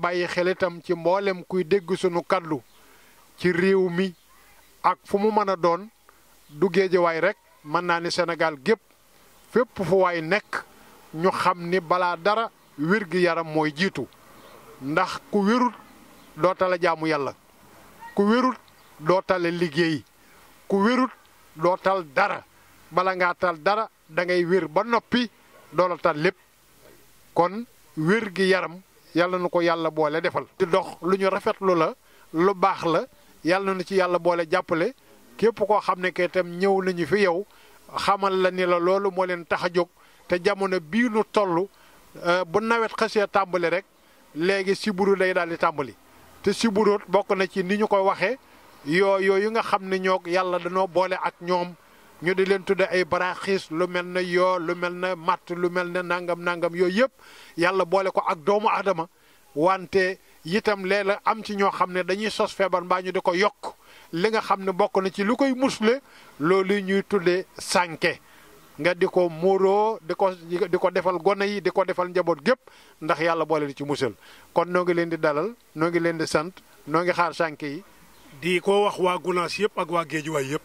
bàyyi xel itam ci mboolem kuy dégg sunu kàddu ci réew mi ak fu mu mën a doon du géejawaay rek mën naa ni Sénégal gépp fépp fu waay nekk ñu xam ni balaa dara wér gi yaram mooy jiitu ndax ku wérut doo tale jaamu yàlla ku wérut doo tale liggéey ku wérut doo tal dara bala ngaa tal dara da ngay wér ba noppi doola tal lépp kon wér gi yaram yàlla na ko yàlla boole defal. di dox lu ñu rafetlu la lu baax la yàlla na ci yàlla boole jàppale képp koo xam ne que itam ñëw nañu fi yow xamal la ni la loolu moo leen tax a jóg te jamono bii nu toll euh, bu nawet xasee tàmbali rek léegi siburu day daal di tàmbali te siburoot bokk na ci ni ñu ko waxee yoo yooyu nga xam ne ñoo yàlla danoo boole ak ñoom. ñu di leen tudde ay baraaxis lu mel ne yoo lu mel ne matt lu mel ne nangam nangam yooyu yëpp yàlla boole ko ak doomu aadama wante itam lee la am ci ñoo xam ne dañuy sos feebar mbaa ñu di ko yokk li nga xam ne bokk na ci lu koy musle loolu ñuy tuddee sànke nga di ko muuroo di ko di ko defal gone yi di ko defal njaboot gépp ndax yàlla boole di ci musal kon noo ngi leen di dalal noo ngi leen di sant noo ngi xaar sànke yi. di ko wax waa Gunaas yëpp ak waa Géejuwaay yëpp.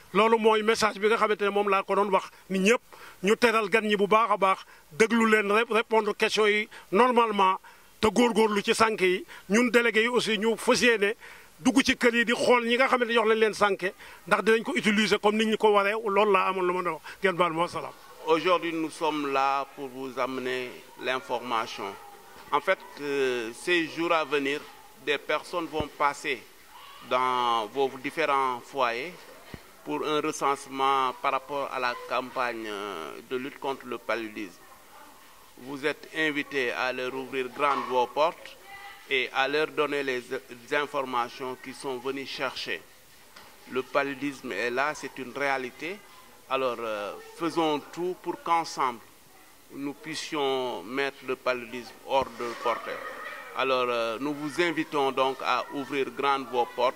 lolu moy message bi nga xamante ne moom laa ko doon wax ni ñëpp ñu téral gan ñi bu baaxa baax déglu leen répondre question yi normalement te lu ci sanké yi ñun délégué yi aussi ñu fas yéene dugg ci kër yi di xol ñi nga xamante ne jox leen leen sànke ndax dinañ ko utiliser comme ni ñu ko waré lolu la amul luma ma doon wax ngeen baal salaam. Aujourd'hui, nous sommes là pour vous amener l'information. En fait, euh, ces jours à venir, des personnes vont passer dans vos différents foyers pour un recensement par rapport à la campagne euh, de lutte contre le paludisme. Vous êtes invités à leur ouvrir grandes vos portes et à leur donner les informations qu'ils sont venus chercher. Le paludisme est là, c'est une réalité. Alors euh, faisons tout pour qu'ensemble nous puissions mettre le paludisme hors de portée. Alors euh, nous vous invitons donc à ouvrir grandes vos portes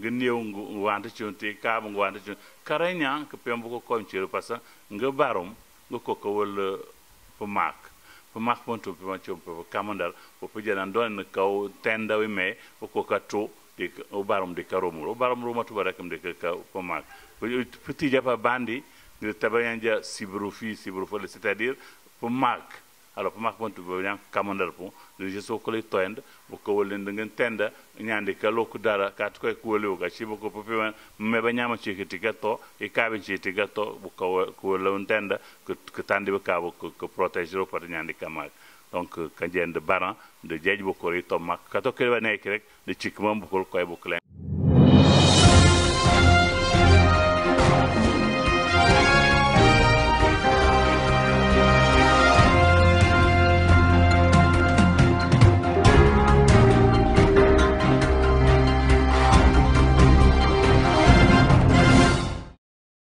nga neew wànt ci woon tey kaaba nga wànt ci woon kare ñaa ko pemb ko koñ ci parce que nga barum nga ko ko wal eh, pu maak pu maak pon tu pema ci pu kamandal bu pu jena ndone na kaw tenda wi me bu ko ka tu di o barum di karum o barum ruma tu barakam de ka pu maak pu ti japa bandi ni tabayan ja sibru fi sibru fo c'est-à-dire pu maak alors pamak bontu bo nyang kamandal pu le je so ko le toend bu ko wol ndi ngi tenda nyandi ka lokku dara ka to ko wol yo ga ci bu ko pofi wan me ba nyama ci ki tigato e ka be ci tigato bu ko ko wol lo tenda ko tandi ka bu ko ko protege ro par nyandi ka mak donc ka euh, jend baran de jej bu ko ri to mak ka to ke wa nek rek de ci ko mbu ko koy bu klen